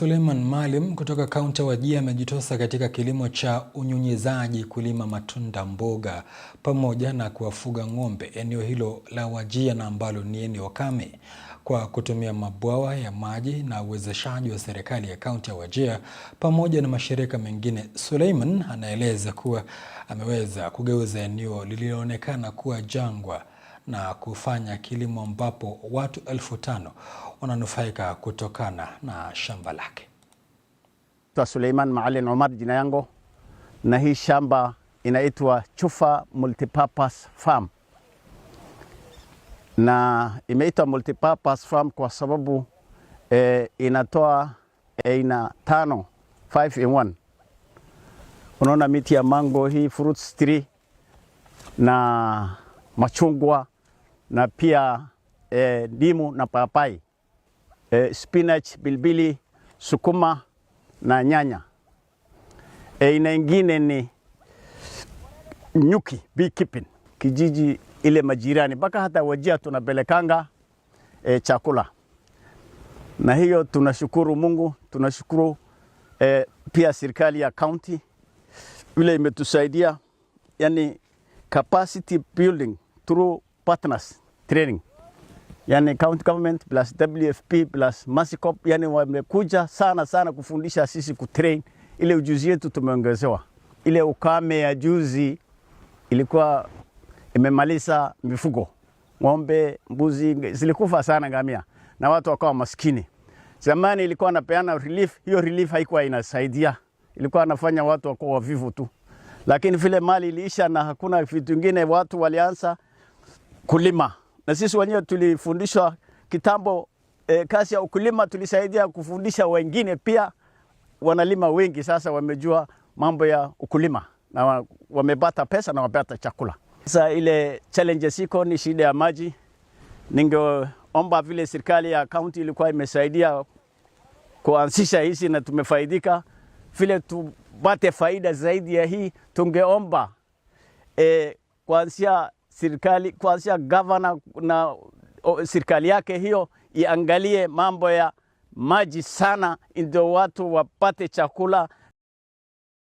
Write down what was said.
Suleiman Maalim kutoka kaunti ya Wajir amejitosa katika kilimo cha unyunyizaji kulima matunda, mboga pamoja na kuwafuga ng'ombe eneo hilo la Wajir na ambalo ni eneo kame. Kwa kutumia mabwawa ya maji na uwezeshaji wa serikali ya kaunti ya Wajir pamoja na mashirika mengine, Suleiman anaeleza kuwa ameweza kugeuza eneo lililoonekana kuwa jangwa na kufanya kilimo ambapo watu elfu tano wananufaika kutokana na shamba lake. Suleiman Maalin Umar jina yangu, na hii shamba inaitwa Chufa Multipurpose Farm, na imeitwa Multipurpose Farm kwa sababu e, inatoa aina e, tano 5 in one. Unaona miti ya mango hii fruits tree na machungwa na pia e, ndimu na papai e, spinach, bilibili, sukuma na nyanya. E, eh, ina ingine ni nyuki beekeeping, kijiji ile majirani mpaka hata wajia tunapelekanga e, chakula na hiyo tunashukuru Mungu, tunashukuru eh, pia serikali ya county vile imetusaidia, yani capacity building through partners training, yani county government plus WFP plus Masikop, yani wamekuja sana sana kufundisha sisi kutrain ile ujuzi yetu tumeongezewa. Ile ukame ya juzi ilikuwa imemaliza mifugo, ng'ombe, mbuzi zilikufa sana, ngamia na watu wakawa maskini. Zamani ilikuwa anapeana relief, hiyo relief haikuwa inasaidia, ilikuwa anafanya watu wakuwa wavivu tu, lakini vile mali iliisha na hakuna vitu vingine, watu walianza kulima, na sisi wenyewe tulifundishwa kitambo e, eh, kazi ya ukulima, tulisaidia kufundisha wengine pia. Wanalima wengi sasa wamejua mambo ya ukulima na wamepata pesa na wamepata chakula. Sasa ile challenge siko ni shida ya maji. Ningeomba vile serikali ya kaunti ilikuwa imesaidia kuanzisha hizi na tumefaidika, vile tupate faida zaidi ya hii tungeomba e, kuanzia serikali kuanzia gavana na serikali yake hiyo iangalie mambo ya maji sana, ndio watu wapate chakula.